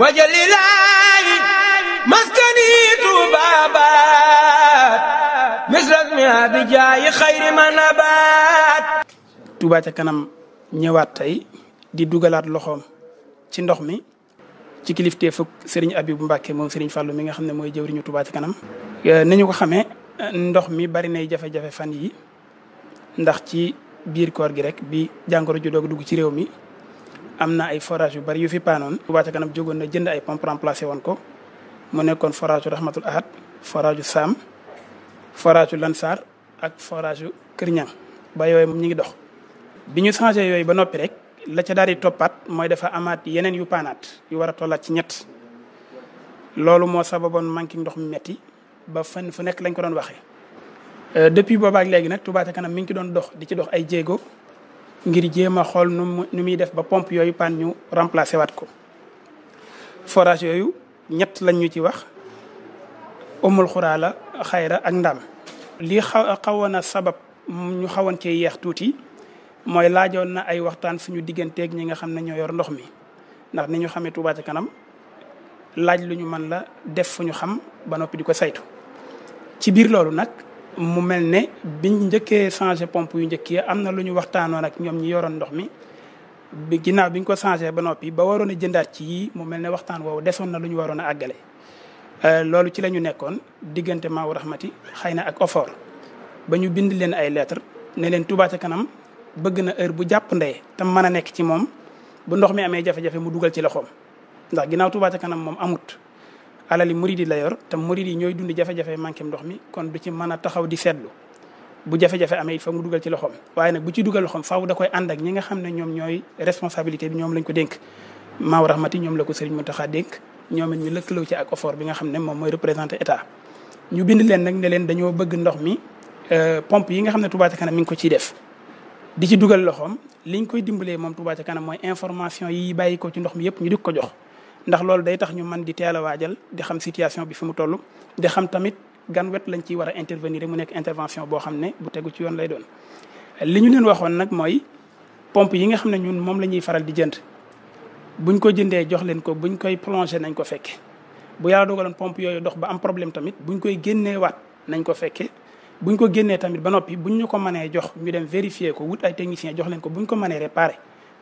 wajalilaayi maskani tuubaabaat misras mi abijaayi xayri manabaat Touba ca kanam ñëwaat tey di dugalaat loxoom ci ndox mi ci kiliftee fukk Serigne Abibou Mbacke moom Serigne Fallou mi nga xam ne mooy jëwriñu Touba ca kanam euh, ni ñu ko xamee ndox mi bari nay jafe-jafe fan yi ndax ci biir koor gi rek bi jàngoro ju doog dugg ci réew mi am na ay forage yu bari yu fi paanoon Touba ca kanam jógoon na jënd ay pompe remplacé woon ko mu nekkoon forage yu Rahmatul Ahad forage yu Saam forage yu Lansar ak forage yu Kër ba yooyu moom ñu ngi dox bi ñu changé yooyu ba noppi rek la ca daal di toppaat mooy dafa amaat yeneen yu paanaat yu war a tollaat ci ñett loolu moo sababoon manqué ndox mi metti ba fan fu nekk lañ ko doon waxee euh, depuis boobaak léegi nag Touba kanam mi ngi ci doon dox di ci dox ay jéego ngir jéem a xool nu nu muy def ba pompe yooyu pan ñu remplacer waat ko forage yooyu ñett lañ ñu ci wax umul xuraa xayra ak ndaam li xaw xawoon a sabab ñu xawoon ce yeex tuuti mooy laajoon na ay waxtaan suñu digganteeg ñi nga xam ne ñoo yor ndox mi ndax ni ñu xamee Touba ca kanam laaj lu ñu mën la def fu ñu xam ba noppi di ko saytu ci biir loolu nag mu mel ne biñ njëkkee changé pompe yu njëkk yi am na lu ñu waxtaanoon nag ñoom ñi yoroon ndox mi bi ginaaw bi ñu ko changé ba noppi ba waroon a jëndaat ci yii mu mel ne waxtaan woowu desoon na lu ñu waroon a àggale. Euh, loolu ci lañu nekkoon diggante Maawu Rahmati xëy na ak OFOR ba ñu bind leen ay lettre ne leen Touba ca kanam bëgg na heure bu jàpp ndey tam mën a nekk ci moom bu ndox mi amee jafe-jafe mu dugal ci loxoom ndax ginnaaw Touba kanam moom amut. alali murid yi la yor te murid yi ñooy dundi jafe-jafe manqué ndox mi kon du ci mën a taxaw di seetlu bu jafe-jafe amee il faut mu dugal ci loxoom waaye nag bu ci dugal loxoom faaw da koy ànd ñi nga xam ne ñoom ñooy responsabilité bi ñoom lañ ko dénk maaw rahmati ñoom la ko Serigne Mountakha dénk ñoom it ñu lëkkaloo ci ak effort bi nga xam ne moom mooy représenté état ñu bind leen nag ne leen dañoo bëgg ndox mi euh, pompe yi nga xam ne Touba ca kanam mi ngi ko ciy def di ci dugal loxoom liñ koy dimbalee moom Touba ca kanam mooy information yi bàyyi ko ci ndox mi yëpp ñu di ko jox ndax loolu day tax ñu man di teel a waajal di xam situation bi fi mu toll di xam tamit gan wet lañ ciy war a intervenir mu nekk intervention boo xam ne bu tegu ci yoon lay doon. li ñu leen waxoon nag mooy pompe yi nga xam ne ñun moom la ñuy faral di jënd buñ ko jëndee jox leen ko buñ koy plongé nañ ko fekke bu yàlla dogaloon pompe yooyu dox ba am problème tamit buñ koy génnee waat nañ ko fekke buñ ko génnee tamit ba noppi buñ ñu ko mënee jox ñu dem vérifier ko wut ay technicien jox leen ko buñ ko mënee réparé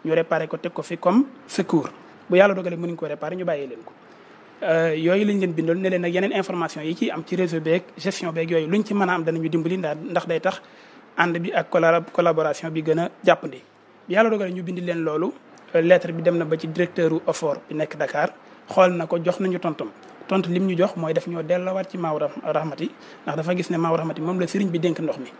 ñu réparé ko teg ko fi comme secours. bu yàlla dogalee mënuñ ko réparer ñu bàyyee leen ko euh, yooyu leen bindoon ne leen nag yeneen information yi ci am ci réseau beeg gestion beeg yooyu luñ ci mën a am danañu dimbali ndax day tax ànd bi ak collaboration bi gën a jàppandi bi yàlla dogalee ñu bindi leen loolu lettre bi dem na ba ci directeur u bi nekk Dakar xool na ko jox nañu tontam tontu lim ñu jox mooy def ñoo dellowaat ci maaw rahmati ndax dafa gis ne maaw rahmati moom la sëriñ bi dénk ndox mi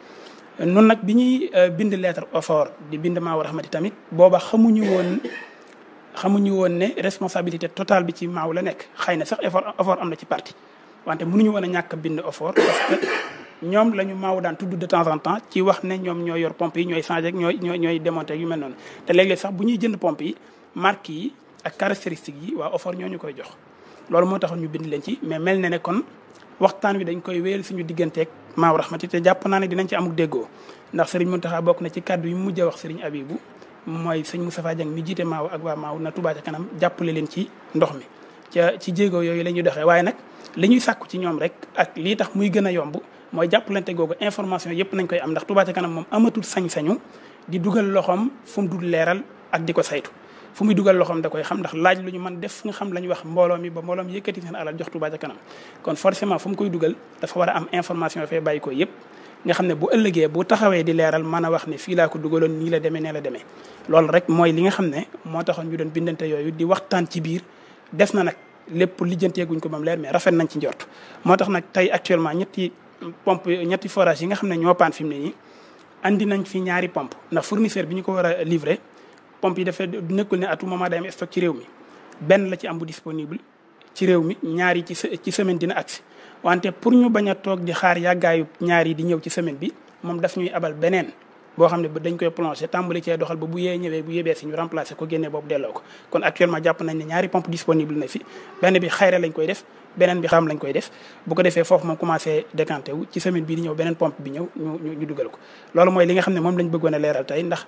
nag bi ñuy euh, bind lettre OFOR di bind maaw rahmati tamit booba xamuñu xamuñu woon ne responsabilité totale bi ci maaw la nekk xëy na sax effort effort am na ci parti wante mënuñu woon a ñàkk bind effort parce que ñoom la ñu maaw daan tudd de temps en temps ci wax ne ñoom ñooy yor pompe yi ñooy changé ak ñooy ñooy ñooy démonté yu mel noonu te léeg sax bu ñuy jënd pompe yi marque yi a caractéristiques yi waa effort ñoo ñu koy jox loolu moo taxoon ñu bind leen ci mais mel na ne kon waxtaan wi dañ koy wéyal suñu digganteeg maaw raxmati te jàpp naa ne dinañ ci amuk déggoo ndax Serigne Mountakha bokk na ci kàddu yi mujj a wax Serigne Abibou mooy sëñ Moustapha Dieng mi jiite maaw ak waa maaw na Touba kanam jàppale leen ci ndox mi ci jéego yooyu la ñuy doxee waaye nag li ñuy sàkku ci ñoom rek ak lii tax muy gën a yomb mooy jàppalante googu information yëpp nañ koy am ndax Touba kanam moom amatul sañ-sañu di dugal loxoom fu mu dul leeral ak di ko saytu fu muy dugal loxoom da koy xam ndax laaj lu ñu mën def nga xam la wax mbooloo mi ba mbooloo mi yëkkati seen alal jox Touba ca kanam kon forcément fu mu koy war a am information fee bàyyi ko yëpp nga xam ne bu ëllëgee boo taxawee di leeral mën a wax ne fii laa ko dugaloon nii la demee nee la demee lool rek mooy li nga xam ne moo taxoon ñu doon bindante yooyu di waxtaan ci biir des na nag lépp lijjanteeguñ ko moom leer mais rafet nañ ci njort moo tax nag tey actuellement ñetti pompe ñetti forage yi nga xam ne ñoo paan ne nii andi nañ fi ñaari pompe ndax fournisseur bi ñu ko war a livré pompe yi dafa nekkul ne à tout moment day am stock ci réew mi benn la ci am bu disponible ci réew mi ñaari ci ci semaine dina agsi wante pour ñu bañ a toog di xaar yàggaayu ñaar yi di ñëw ci semaine bi moom daf ñuy abal beneen boo xam ne dañ koy plongé tàmbali cee doxal ba bu yee ñëwee bu yebee si ñu remplacé ko génnee boobu delloo ko kon actuellement jàpp nañ ne ñaari pompe disponible na fi benn bi xayra lañ koy def beneen bi xam lañ koy def bu ko defee foofu moom commencé décanté wu ci semaine bii di ñëw beneen pompe bi ñëw ñu ñu dugal loolu mooy li nga xam ne moom lañ bëggoon a leeral tey ndax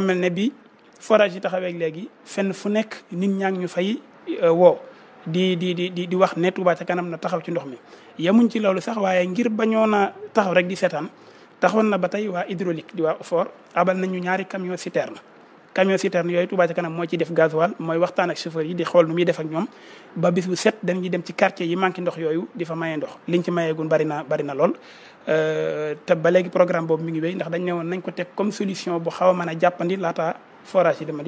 mel ne bi forage yi taxaweeg léegi fenn fu nekk nit ñaa ñu fay euh, woo di di di di wax ne Touba a kanam na taxaw ci ndox mi yemuñ ci loolu sax waaye ngir bañoon a taxaw rek di seetaan taxawoon na ba tey waa hydraulique di waa fort abal nañu ñaari camion na camion citerne yooyu Touba ca kanam moo ciy def gasoil mooy waxtaan ak chauffeur yi di xool nu muy def ak ñoom ba bis set set dañuy dem ci quartier yi manqué ndox yooyu di fa maye ndox liñ ci mayeegun bari na bari na lool euh, te ba léegi programme boobu mi ngi wéy ndax dañ ne woon nañ ko teg comme solution bu xaw a mën a jàppandi laata forage yi dama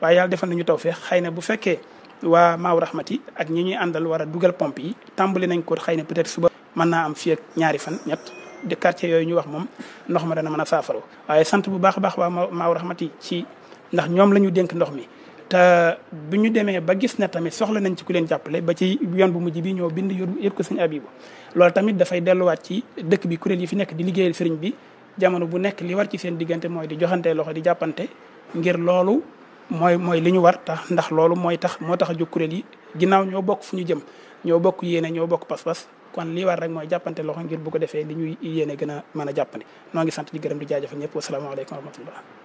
waaye yàlla defal nañu taw feex xëy na bu fekkee waa maaw rahmati ak ñi ñuy àndal war a dugal pompe yi tàmbali nañ ko xëy na peut-être suba mën naa am fii ñaari fan ñett de quartier yooyu ñu wax moom ndox ma dana mën a saafaro waaye sant bu baax a baax waa maaw rahmati ci ndax ñoom la ñu dénk ndox mi te bu ñu demee ba gis ne tamit soxla nañ ci ku leen jàppale ba ci yoon bu mujj bi ñoo bind yóbbu ko sëñ Abibu loolu tamit dafay delluwaat ci dëkk bi kuréel yi fi nekk di liggéeyal sëriñ bi jamono bu nekk li war ci seen diggante mooy di joxante loxo di jàppante ngir loolu mooy mooy li ñu war tax ndax loolu mooy tax moo tax a jóg kuréel yi ginnaaw ñoo bokk fu ñu jëm ñoo bokk yéene ñoo bokk pas-pas kon li war rek mooy jàppante loxo ngir bu ko defee li ñuy yéene gën a mën a jàppandi noo ngi sant di gërëm di jaajëfal ñëpp wasalaamaaleykum wa rahmatullah